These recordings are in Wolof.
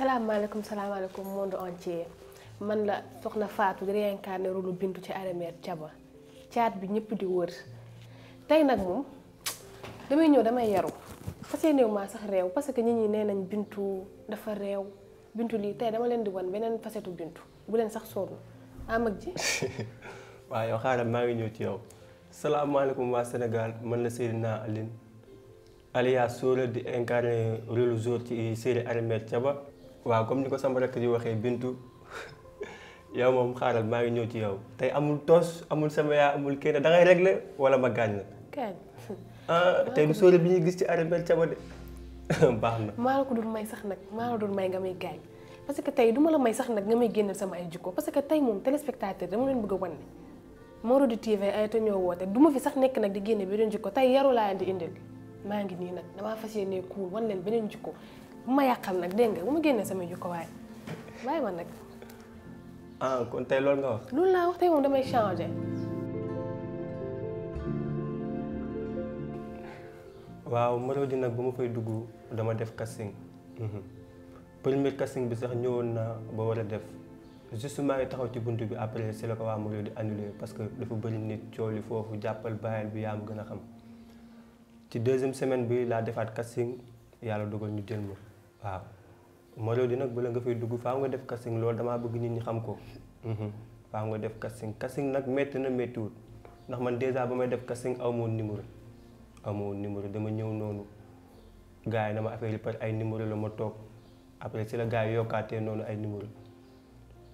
salaamaaleykum salaamaaleykum monde entier man la soxna faatu di réincarné rôle Bintu ci Arrêt caba caat bi ñëpp di wër tey nag moom damay ñëw damay yaru fas yéenew maa sax réew parce que ñu ñi nee nañ Bintu dafa réew Bintu lii tey dama leen di wan beneen facette Bintu bu leen sax sonn ah mag ji. waaw yow xaaral maa ngi ñëw ci yow salaamaaleykum waa Sénégal man la Seydina Aline alias Sora di incarné rôle Zor ci série Arrêt caba waaw comme ni ko sama rekk ji waxee Bintu yow moom xaaral maa ngi ñëw ci yow tey amul toos amul sama yaa amul kenn da ngay régler wala ma gaañ la. gaañ ah tey du sóore bi ñuy gis ci arabel caba de baax na. maa la ko dul may sax nag maa la dul may nga may gaañ parce que tey duma la may sax nag nga may génneel sama ay jikko parce que tey moom téléspectateur dama leen bëgg a wan ne Marodi ñëw woo te ñoo du ma fi sax nekk nag di génne beneen jikko tey yaru laa indi indil maa ngi nii nag damaa fas yéenee kuul wan leen bu ma yàqal nag dégg nga bu ma génnee sama jukko waaye bàyyi ma nag. ah kon tey loolu nga wax. loolu laa wax tey moom damay changé. waaw Marodi nag ba ma fay dugg dama def casting. Mhm. premier casting bi sax ñëwoon na ba war a def juste maa ngi taxaw ci bunt bi après si la ko waa Marodi annulé parce que dafa bëri nit coow li foofu jàppal bàyyil bi yaa am gën a xam ci deuxième semaine bi laa defaat casting yàlla dogal ñu jël ma. waaw Marodi nag bala nga fay dugg faa nga def casting loolu damaa bëgg nit ñi xam ko. Mm-hmm. faa nga def casting casting nag métti na méttiwul ndax man dèjà ba may def casting aw ma numéro aw numéro dama ñëw noonu gars yi na affaire yi par ay numéro la ma toog après si la gars yi yokkaatee noonu ay numéro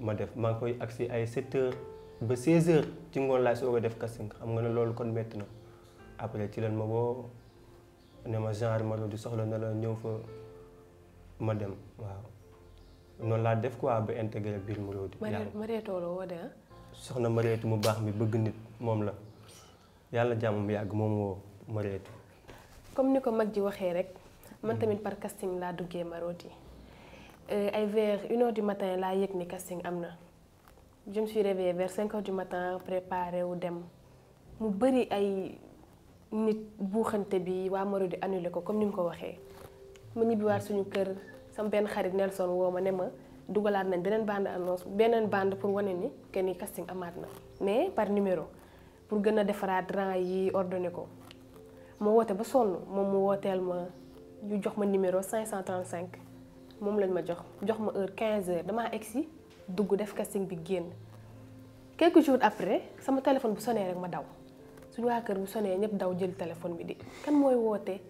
ma def maa ngi koy agsi ay 7 ba 16 heures ci ngoon laay soog a def casting xam nga ne loolu kon métti na après ci lan ma woo ne ma genre Marodi soxla na la ñëw fa. ma dem waaw noonu laa def quoi ba intégré biir Marodi. Mareetoo la woo de ah. soxna Mareetu mu baax mi bëgg nit moom la yàlla jàmm yàgg moom woo Mareetu. comme ni ko mag ji waxee rek man tamit par casting laa duggee Marodi euh, ay vers une heure du matin laa yëg ni casting am na je me suis cinq heures du matin préparé wu dem mu bëri ay nit buuxante bi waa Marodi annulé ko comme ni mu ko waxee mu ñibbiwaat suñu kër. sama benn xarit Nelson woo ma ne ma dugalaat nañ beneen bande annonce beneen bande pour wane ni que ni casting amaat na mais par numéro pour gën a defaraat rang yi ordonné ko ma woote ba sonn moom mu wooteel ma ñu jox ma numéro 535 moom lañ ma jox jox ma heure 15 heures dama exi dugg def casting bi génn quelques jours après sama téléphone bu sonné rek ma daw suñu waa kër bu sonné ñëpp daw jël téléphone bi di kan mooy woote.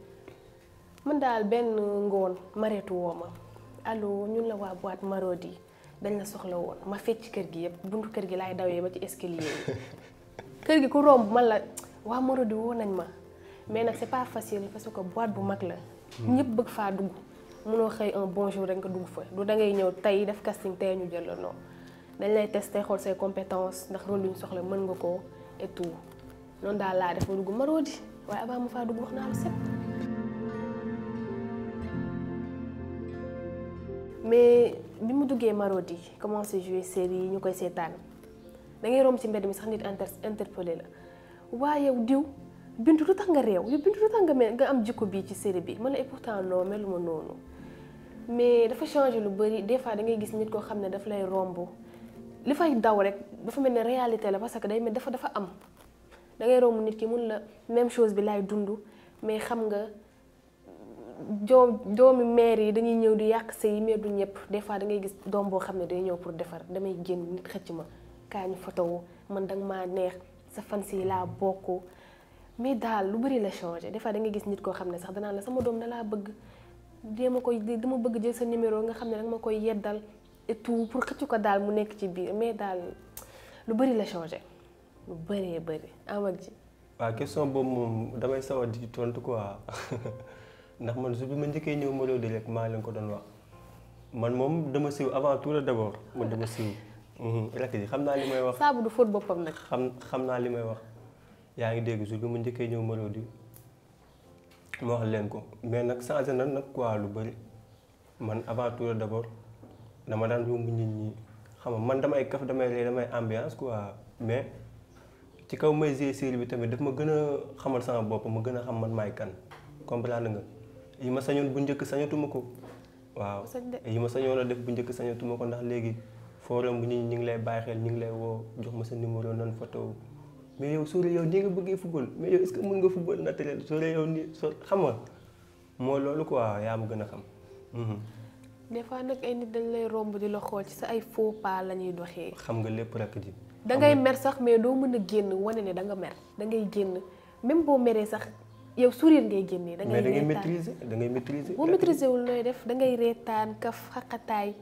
man daal benn ngoon mareetu woo ma allo ñun la waa boîte Marodi dañ la soxla woon ma fecc kër gi yëpp buntu kër gi laay dawee ba ci escalier yi kër gi ku romb man la waa Marodi woo nañ ma mais nag c'est pas facile parce que boîte bu mag la. Hmm. ñëpp bëgg faa dugg mënoo xëy un bonjour rek nga dugg fa du dangay ñëw tey def casting tey ñu jël la non dañ lay tester xool say compétence ndax rôle lu soxla mën nga koo et tout daal laa def ma dugg Marodi waaye avant mu mais bi mu duggee Marodi commencé jouer série ñu koy seetaan da ngay romb ci mbedd mi sax nit interpellé la yow diw bintu lu tax nga bintu lu tax am jikko bii ci série bi suis et pourtant non mais dafa changé lu bëri des fois da ngay gis nit koo xam ne daf lay romb li fay daw rek dafa ne réalité la parce que day am da ngay romb nit ki la même chose bi lay dund mais joo doomi maire yi dañuy ñëw di yàq sa yi maire du ñëpp des fois da ngay gis doom boo xam ne day ñëw pour defar damay génn nit ma kaa ñu man danga maa neex sa fan si laa bokk mais daal lu bari la changé des da ngay gis nit koo xam ne sax danaan la sama doom da laa bëgg dama koy dama bëgg jël sa numéro nga xam ne danga ma koy yeddal tout pour xëcc ko daal mu nekk ci biir mais daal lu bëri la changé lu bëree bëri amal ji. waaw ah, question boobu moom damay sawar di tontu quoi. ndax man su bi ma njëkkee ñëw Marodi rek maa leen ko doon wax man moom dama siiw avant tout d' abord man dama siiw mhm, rakk ji xam naa li may wax. saabu du fóot boppam nag. xam xam naa li may wax yaa ngi dégg su bi ma njëkkee ñëw Marodi ma wax leen ko mais nag changé na nag quoi lu bari man avant tout d' abord dama daan yomb nit ñi xam nga man damay kaf damay ree damay ambiance quoi mais. ci kaw may série bi tamit daf ma gën a xamal sama bopp ma gën a xam man maay kan comprendre nga yi ma sañoon bu njëkk sañatuma ko waaw yi ma sañoon a def bu njëkk sañatuma ko ndax léegi forum bu ñu ñu ngi lay baaxeel xel ñu ngi lay woo jox ma sa numéro nan photo mais yow sore yow nii bëggee football mais yow est-ce que mën nga football naturel nii so xam nga moo loolu quoi yaa ma gën a xam. Mhm. des fois nag ay nit dañ lay romb di la ci sa ay faux pas la ñuy doxee. xam nga lépp rek ji. da ngay mer sax mais doo mën a génn wane ne da nga mer da ngay génn même boo meree sax. yow sourire ngay génnee. da ngay ngay maîtriser da ngay maîtriser. boo maîtriser wul nooy def da ngay reetaan kaf xaqataay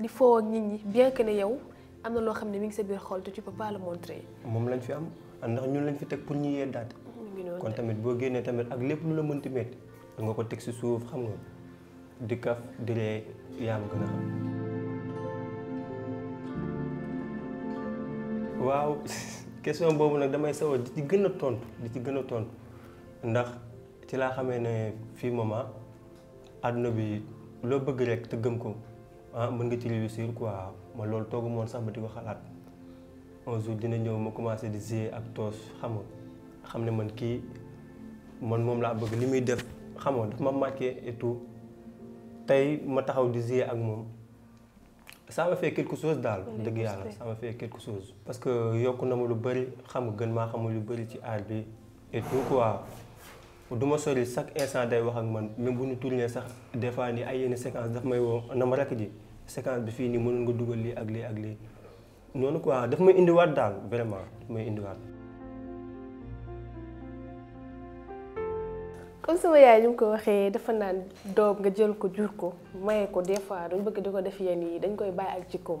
di fo ak nit ñi bien que ne yow amna lo loo mi ngi sa biir xol te tu peux pas le montrer. mom lañ fi am ndax ñun lañ fi tek pour ñu yeddaat. kon tamit bo génnee tamit ak lepp lu la mënti met da nga ko tek ci suuf xam nga di kaf di ree yam gëna xam. waaw question boobu nag damay sawar di ci gën a tontu di ci gën a tontu ndax ci laa xame ne fii moment ah, àdduna bi loo bëgg rek te gëm ko ah mën nga ci réussir quoi ma loolu toogu moon sax ba di ko xalaat un dina ñëw ma commencé di jouer ak toos xam nga xam ne man kii man moom laa bëgg li muy def xam nga daf ma marqué et tout tey ma taxaw di jouer ak moom ça m'a fait quelque chose daal dëgg yàlla ça m'a fait quelque chose parce que yokk na ma lu bari xam gën maa xamul lu bari ci aar bi et tout quoi du ma sori chaque instant day wax ak man même bu ñu tourné sax des fois ni ay yenn séquence daf may woo na ma rek ji séquence bi fii nii mënoon nga dugal lii ak lii ak lii noonu quoi daf may indiwaat daal vraiment daf may indiwaat. comme sama yaay ñu ko waxee dafa naan doom nga jël ko jur ko maye ko des fois duñ bëgg di ko def yenn yi dañ koy bàyyi ak jikkoom.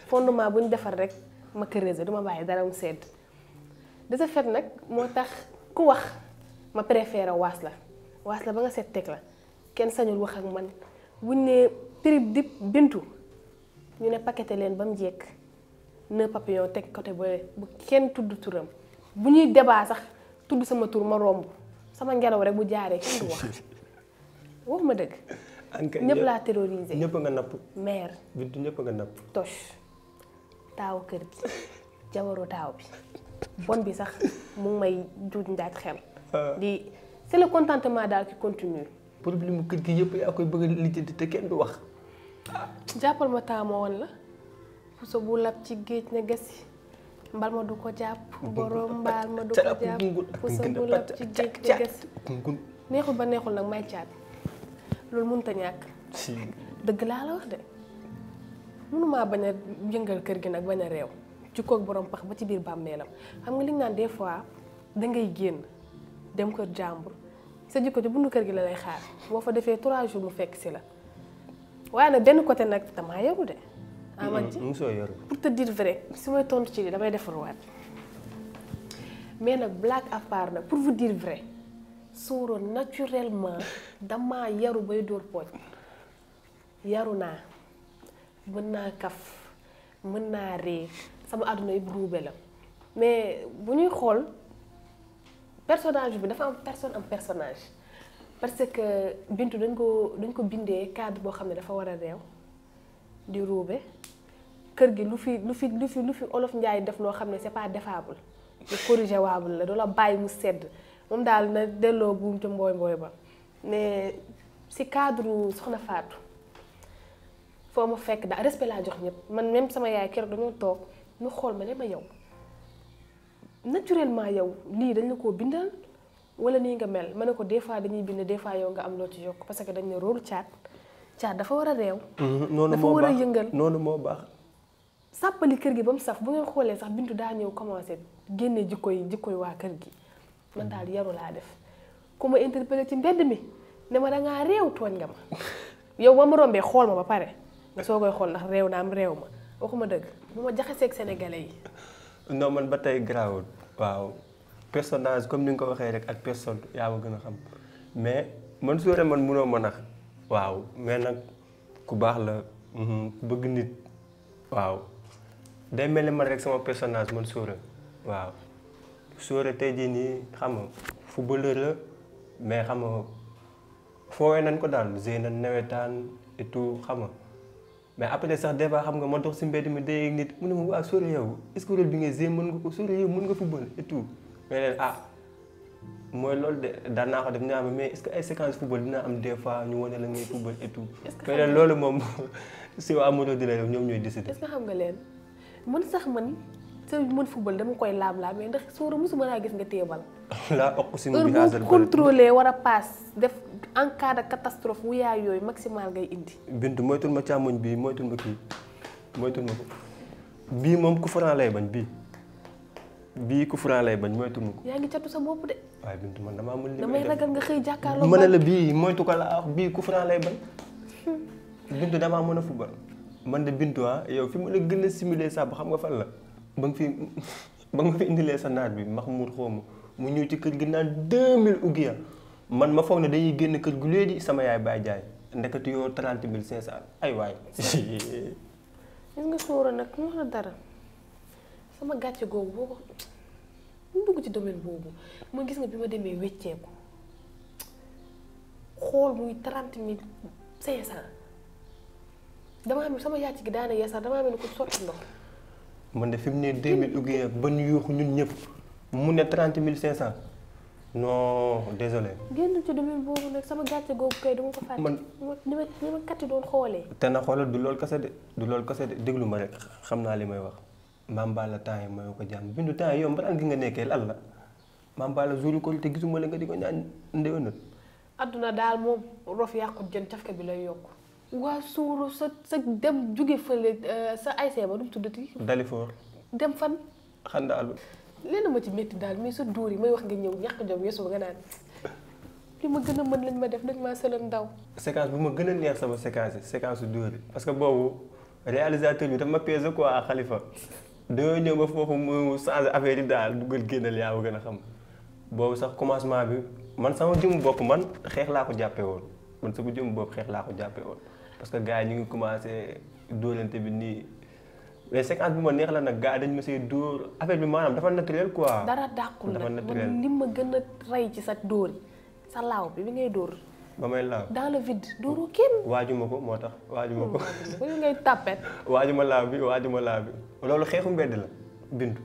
fondement bu ñu defar rek ma creuser du ma bàyyi dara mu sedd de ce fait nag moo ku wax ma préféré waas la waas la ba nga set teg la kenn sañul wax ak man buñ ne trip dip bintu ñu ne paqueté leen ba mu jekk nœud papillon tek côté ba bu ken tudd turam bu ñuy débat sax tudd sama tur ma romb sama ngelaw rek bu jaaree kenn du wax wax ma dëgg. ñëpp laa terrorisé ñëpp nga napp. mère bintu ñëpp nga napp. toch. taawu kër bi jabaru taaw bi bon bi sax mu ngi may duut ndaaj xel. Ah. di c'est le contentement daal qui continue. problème mu kër gi yëpp yaa koy bëgg a lijjanti te kenn du wax. jàppal ma taamu woon la puso bu lab ci géej ne gasi mbal ma du ko jàpp. borom mbaal ma du ko jàpp puso bu lab ci géej na gasi. neexul ba neexul nag may caat loolu mënut a ñàkk. dëgg laa la wax de. mënumaa bañ a yëngal kër gi nag bañ a réew ci kook borom pax ba ci biir bàmmeelam xam nga li ñu naan des fois dangay génn dem kër jàmbur sa jikko ci bundu kër gi la lay xaar boo fa defee trois jours mu fekk si la waaye nag benn côté nag damaa yoru de. amanti ah, musoo mm, yoru pour te dire tontu ci li damay defarwaat mais nag blague à part pour vous dire vrai Soro naturellement damaa yaru bay dóor pooj yaru naa. mën naa kaf mën naa ree sama àdduna yëpp ruube la mais bu ñuy xool personnage bi dafa am personne am personnage parce que Bintu dañ ko dañ ko bindee cadre boo xam ne dafa war a réew di ruube kër gi lu fi lu fi lu fi lu fi olof Njaay def loo xam ne c'est pas défable lu corrigé waabul la doola bàyyi mu sedd moom daal na delloo buum ca mbooy mbooy ba mais si cadre Soxna Fatou foo ma fekk daa respect laa jox ñëpp man même sama yaay keroog dañoo toog ñu xool ma ne ma yow naturellement yow lii dañ la koo bindal wala nii nga mel ma ne ko des fois dañuy bind des fois yow nga am loo ci yokk parce que dañ ne rôle caat caat dafa war a réew. Mhm, noonu dafa war a yëngal noonu moo baax. sàppali kër gi ba mu saf bu ngeen xoolee sax bintu daa ñëw commencé génne jikkoy jikkoy waa kër gi man daal mhm. yaru laa def ku ma ci mbedd mi ne ma da ngaa réew tooñ nga ma yow ba mu rombee xool ma ba pare. nga soo koy xool ndax réew na am réew ma ma dëgg bu ma jaxaseeg sénégalais yi. non man ba tey garaawul. waaw personnage comme ni nga ko waxee rek ak personne yaa ma gën a xam mais man suuree man mënoo ma nax waaw mais nag ku baax la mhm, bëgg nit. waaw day mel ni man rek sama personnage man suuree waaw suuree tey jii nii xam nga footballeur la mais xam nga foowee nañ ko daal zee nañ nawetaan et tout xam nga mais après sax des xam nga ma dox si mbedd mi day ak nit mu ne ma waa sori yow est-ce que rôle bi nga joué mën nga ko sori yow mën nga football et tout mais leen ah, mooy loolu de daan naa ko def dinaa am mais est-ce que ay séquence football dinaa am des fois ñu wane la ngay football et moom si waa moto di la nga leen man sax man sa mën football dama koy laab laab mais ndax sóora mosuma laa gis nga téebal. laa okk si mu bi war a paas def. en cas de wu yaay yooyu maximal ngay indi. Bintu moytul ma càmmoñ bii moytul ma kii moytul ma ko bii moom ku lay bañ bii bii ku lay bañ moytul sa bopp de. waaye Bintu man damaa mën li damay mën na la bii moytu ko la wax ah, bii ku mën a football. man de Bintu ah, yow fi ma gën a simuler sa xam nga fan la ba nga fi ba nga fi indilee sa naat bi Mahmoud xawma mu ñëw ci kër gi naan 2000 ouguiya man ma foog ne dañuy génn kër gu léegi sama yaay baay jaay ndekati yoo trente mille cinq cent ay waay. gis nga sóora nag ñu wax dara sama gàcce googu boo ko ñu dugg ci domaine boobu ma gis nga bi ma demee wécceeku xool muy trente mille cinq cent damaa am sama yàcc gi daana yeesal damaa mel ni ko sotti ndox. man de fi mu ne deux mille uggee ba nu yuuxu ñun ñëpp mu ne trente mille cinq cent. non désolé. génn ci domaine boobu nag sama gàcce googu kay dama ko fàtte. man ni ma ni ma katti doon xoolee. te na xoolal du loolu kese de du loolu kese de déglu ma rek xam naa li may wax. maam Balla temps yi mayu ko jàmm bindu temps yi yow mbaraan nga nekkee lan la maam Balla jour ko te gisuma la nga di ko ñaan ndewenal. adduna daal moom rof yàqut jën cafka bi lay yokk. waa suuru sa sa dem jóge fële euh, sa ay seeba nu mu tuddati. Dalifor. dem fan. xandaalu. lenn ma ci métti daal mais sa dóor yi may wax nga ñëw ñàkk jom yesu ba nga naan li ma gën a mën lañ ma def dañ ma sëlal ndaw. séquence bu ma gën a neex sama séquence yi séquence dóor yi parce que boobu réalisateur bi dafa ma pesé quoi à Khalifa dañoo ñëw ma foofu mu changé affaire yi daal dugal génnal yaa gën a xam boobu sax commencement bi man sama jëmu bopp man xeex laa ko jàppee woon man sama jëmu bopp xeex laa ko jàppee woon parce que gars yi ñu ngi commencé dóolante bi nii. mais séquence bi ma neex la nag gars dañ ma see dóor affaire bi maanaam dafa naturel quoi. dara dàqul dafa naturel li ma gën a rey ci sa dóor yi sa laaw bi bi ngay dóor. ba may laaw dans le vide dóoru kenn. waajuma ko moo tax waajuma ko. bu ñu ngay tàppet. waajuma laaw bi waajuma laaw bi loolu xeexu mbedd la bintu.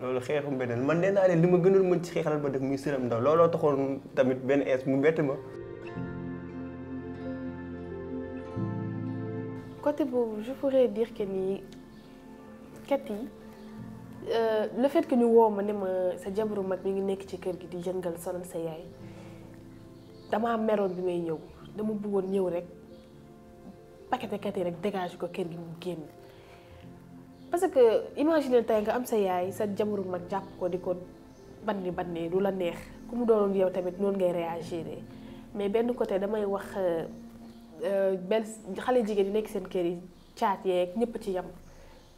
loolu xeexu mbedd la man nee naa leen li ma gënoon mën ci xeexalal ba def muy sëram ndaw looloo taxoon tamit benn es mu bett ma. côté boobu je pourrais dire kat yi euh, le fait que ñu woo ma ne ma sa jabaru mag mi ngi nekk ci kër gi di jëngal sonal sa yaay damaa meroon bi may ñëw dama bëggoon ñëw rek paquet yi rek dégage ko kër gi mu génn parce que imagine tey nga am sa yaay sa jabaru mag jàpp ko di ko banni banni du la neex ku mu doonoon yow tamit noonu ngay réagir mais benn côté damay wax euh, euh, benn xale jigéen yi nekk seen kër yi caat yeeg ñëpp ci yam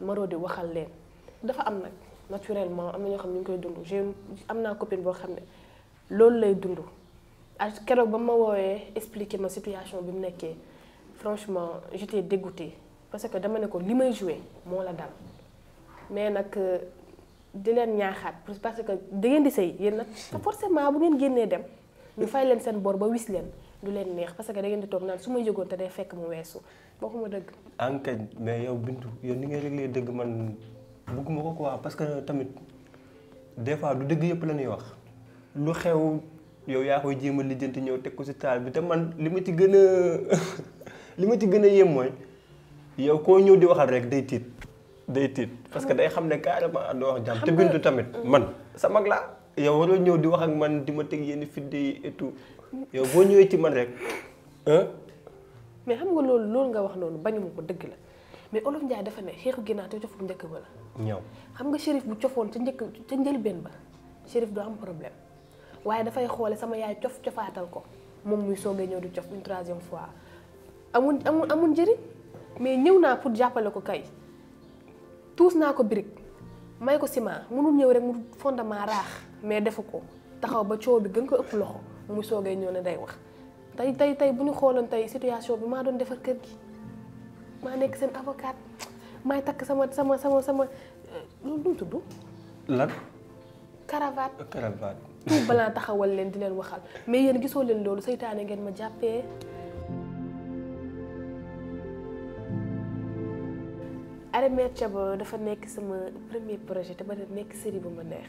Marodi waxal leen dafa am nag naturellement am na ñoo xam ne ñu ngi koy dund j'ai am naa copine boo xam ne loolu lay dund ak ah, keroog ba ma woowee expliquer ma situation bi mu nekkee franchement j'étais dégoûtée parce que dama ne ko li may joué moo la dal mais nak euh, di leen ñaaxaat parce que da ngeen di sëy yéen nag forcément bu ngeen génnee dem ñu fay leen seen bor ba wis leen du leen neex parce que da ngeen di toog naan su ma yëgoon te day fekk mu weesu ma dëgg. enquête mais yow Bintu yow ni ngay réglé dëgg man bugguma ko quoi parce que tamit des fois du dëgg yëpp la ñuy wax lu xew yow yaa koy jéem a lijjanti ñëw teg ko si taal bi te man li ma ci gën a li ma ci gën a yem mooy yow koo ñëw di waxal rek day tiit day tiit parce que day xam ne carrément doo wax jàmm te Bintu tamit man mm. sa mag laa yow waroo ñëw di wax ak man di ma teg yenn fidde yi yow boo ñëwee ci man rek. mais xam nga loolu loolu nga wax noonu bañu ma ko dëgg la mais Olof Ndiaye dafa ne xeexu ginaar te cofu njëkk ba la. ñëw xam nga shérif bu cofoon ca njëkk ca njëlbeen ba shérif du am problème waaye dafay xoole sama yaay cof cofaatal ko moom muy soogee ñëw di cof une troisième fois amul amul amul njëriñ mais ñëw naa pour jàppale ko kay tuus naa ko brique may ko ciment mënul ñëw rek mu fondement raax mais defu ko taxaw ba coow gën ko ëpp loxo. mu soogee ñoo ne day wax tey tey tey bu ñu xooloon tey situation bi maa doon defar kër gi maa nekk seen avocat maay takk sama sama sama sama eh, lu mu tudd. lan. cravate euh, cravate. balaa taxawal leen di leen waxal mais yéen gisoo leen loolu seytaane ngeen ma jàppee. Arrêt chabo dafa nekk sama premier projet te ba nekk série bu ma neex.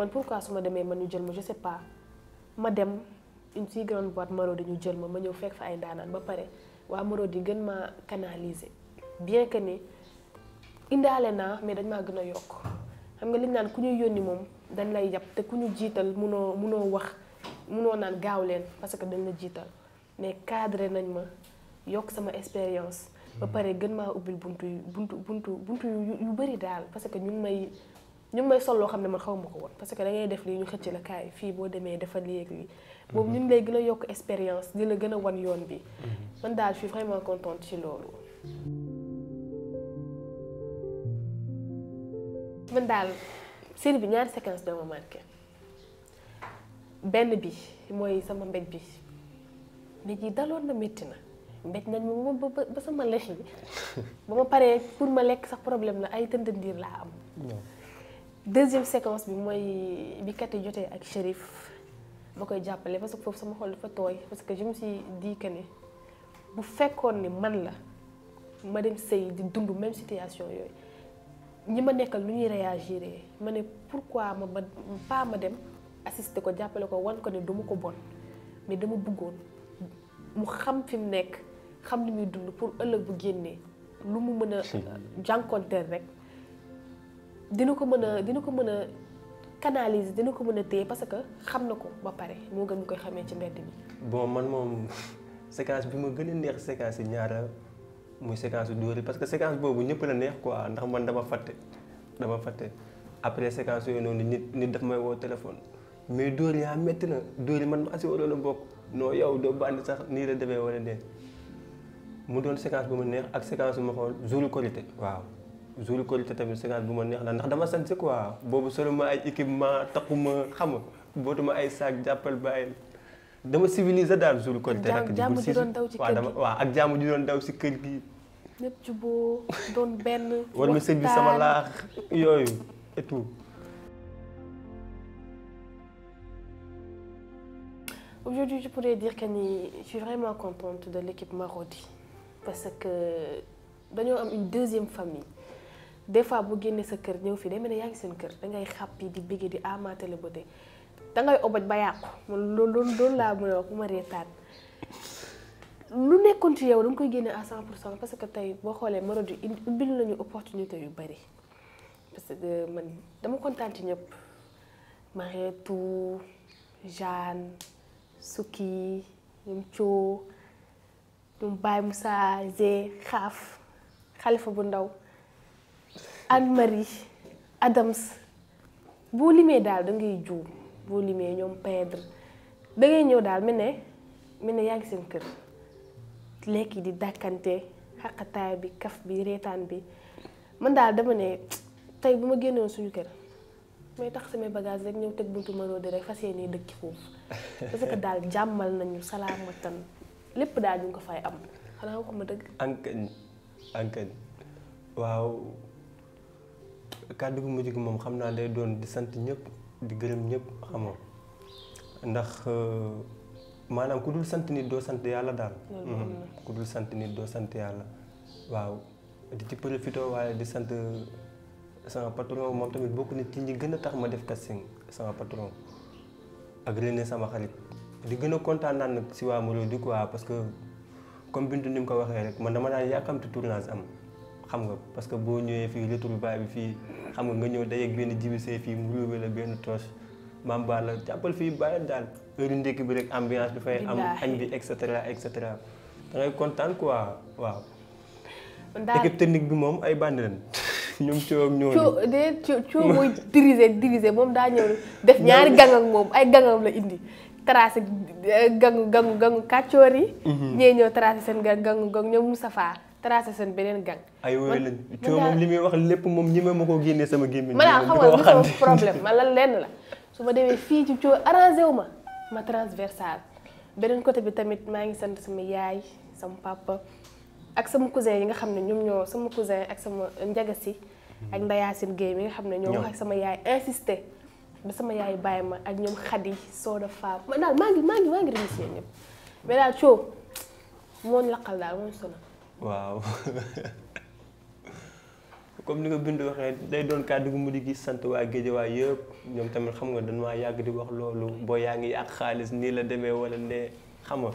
man pourquoi ma demee ma ñu je sais pas ma une si grande boîte Marodi ñu jël ma ma ñëw fekk fa ay ba gën canaliser bien que mais dañ maa gën a yokk xam nga ku dañ lay ku ñu wax leen parce que dañ la mais cadré ma sama expérience ba pare gën m'a ubbil buntu buntu buntu buntu yu bari parce que ñu may sol lo xamne man xaw ma ko woon parce que da ngay def li ñu xëcc la kay fi bo démé defal lii ak lii boobu ñu lay gëna yok expérience dina gëna gën wan yoon bi man daal fi vraiment contente ci lolu man daal seen bi ñaar séquence dama marqué benn bi mooy sama mbéj bi nit yi daloon na métti na mbéj nañ mo ba ba sama lex yi ba ma paree pour ma lekk sax problème la ay tëndëndiir laa am deuxième séquence bi mooy bi kat yi jotee ak Chérif ma koy jàppale parce que foofu sama xol dafa tooy parce que je me suis dit que ne bu fekkoon ni man la ma dem sëy di dund même situation yooyu ñi ma nekkal lu ñuy réagiré ma ne pourquoi ma ba pas ma dem assister ko jàppale ko wan ko ne duma ko bon mais dama bëggoon mu xam fi mu nekk xam li muy dund pour ëllëg bu génnee lu mu mën a jànkonteel rek dina ko mën a dina ko mën a canaliser dina ko mën a téye parce que xam na ko ba pare moo gën mu koy xamee ci mbedd bi. bon man moom séquence bi ma gën a neex séquence yi ñaara muy séquence dóor parce que séquence boobu ñëpp la neex quoi ndax man dama fàtte dama fàtte après séquence yooyu noonu nit nit daf may woo téléphone mais dóor yaa métti na dóor man ma asi wala la bokk non yow doo bandi sax nii la demee wala dee mu doon séquence bu mu neex ak séquence bu ma xool jour korité waaw. jour Korité tamit séquence bu ma neex la ndax dama sant quoi boobu ma ay équipement taxuma xam nga bootuma ay sac jàppal bàyyil dama civilisé daal jour Korité nag jàmm ji doon daw ci kër gi dama waaw ak jàmm ji doon daw si kër gi ñëpp juboo doon benn war ma sëñ bi sama laax yooyu et tout Aujourd'hui, je pourrais dire que je suis vraiment contente de l'équipe Marodi parce que nous am une deuxième famille. des fois bu génnee sa kër ñëw fi day mel yaa ngi seen kër dangay xàppi di bégge di amaate la beauté dangay oboj ba yàqu man loolu loolu laa mën a wax bu ma reetaan lu nekkoon ci yow koy génne à 100 pour parce que tey boo xoolee Marodi ubbil nañu opportunité yu bari parce que man dama kontaan ci ñëpp Mareetu Jeanne Suki ñoom Thio ñoom Baye Moussa Xaaf Xalifa bu ndaw Anne-Marie Adams boo limee daal da juum boo limee ñoom Pedre da ñëw daal mel ne mel ne yaa ngi seen kër lekk di dàkkante xaqataay bi kaf bi reetaan bi man daal dama ne tey bu ma génnoon suñu kër may tax samay bagage rek ñëw teg buntu mënoo di rek fas yéenee dëkk foofu parce que daal jàmmal nañu salaamatan lépp daal ñu ngi ko fay am xanaa waxuma dëgg. ankañ ankañ waaw. kàddu gu mujj gi moom xam naa lay doon di sant ñëpp di gërëm ñëpp xamoo ndax euh, maanaam ku dul sant nit doo sant yàlla daal. Mhm. ku dul sant nit doo sant yàlla waaw di ci profité waaye di sant euh, sama patron moom tamit bokk na ci ñi gën a tax ma def casting sama patron ak René sama xarit di gën a kontaan naan nag si waa Marodi quoi parce que comme Bintu ni mu ko waxee rek man dama daan yàkkamti tournage am xam nga parce boo ñëwee fii retour baay bi xam nga nga ñëw day ak benn jibisee fii mu ruube la benn toos maam baal la jàppal fii bàyyil daal heure ndékki bi rek ambiance bi fay am añ bi et cetera et cetera da ngay kontaan quoi waaw. daal équipe technique bi moom ay bànd lañ ñoom coow ak ñooñu. coow de coow mooy dirisé dirisé moom daa ñëw def ñaari gang ak moom ay la indi. tracé gangu eh, gangu gangu kàccoor yi. Mhm. ñee ñëw tracé seen gangu gangu ñoom tracé seen beneen gang. ay wóy la coow moom li muy wax lépp moom ñeme ma koo génnee sama gémmiñ. ma daal xam ma lan lenn la su ma demee fii ci coow arrangé wu ma ma transversal beneen côté bi tamit maa ngi sant sama yaay sama papa ak sama cousin yi nga xam ne ñoom sama cousin ak sama njagasi ak ndayaasin géey mi nga xam ne ñoo wax ak sama yaay insisté ba sama yaay bàyyi ma ak ñoom xadi sooda faam ma daal maa ngi maa ngi maa ngi remercier ñëpp daal coow moon laqal daal moon sonal waaw comme ni nga bind waxee day doon kàddu gu mu di gis sant waa Géejawaay yëpp ñoom tamit xam nga dañu maa yàgg di wax loolu boo yaa ngi yàq xaalis nii la demee wala ne xam nga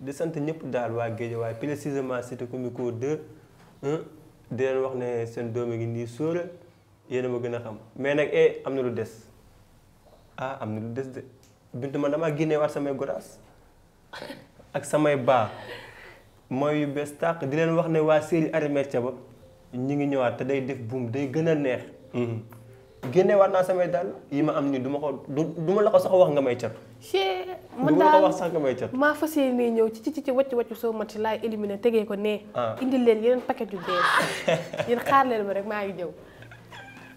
di sant ñëpp daal waa Géejawaay précisément cité Comico 2 di leen wax ne seen doom ngi nii sóora yéen a ma gën a xam mais nag eh am na lu des ah am na lu des de bintu man damaa génneewaat samay godaas ak samay baa mooy yu bees tàq di leen wax ne waa série Arrêt ba ñi ngi ñëwaat te day def buum day gën a neex. Mhm. génneewaat naa samay dàll yi ma am nii du ma ko du duma la ko sax wax nga may cat. man daal wax sax nga may maa fas yéenee ñëw ci ci ci wàcc wàcc soo mat laay éliminé tegee ko nee. Ah. indil leen yeneen paquet yu bees yéen xaar leen ma rek maa ngi ñëw.